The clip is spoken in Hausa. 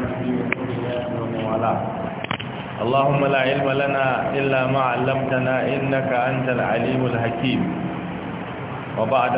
وصحبه ومن والاه اللهم لا علم لنا إلا ما علمتنا إنك أنت العليم الحكيم وبعد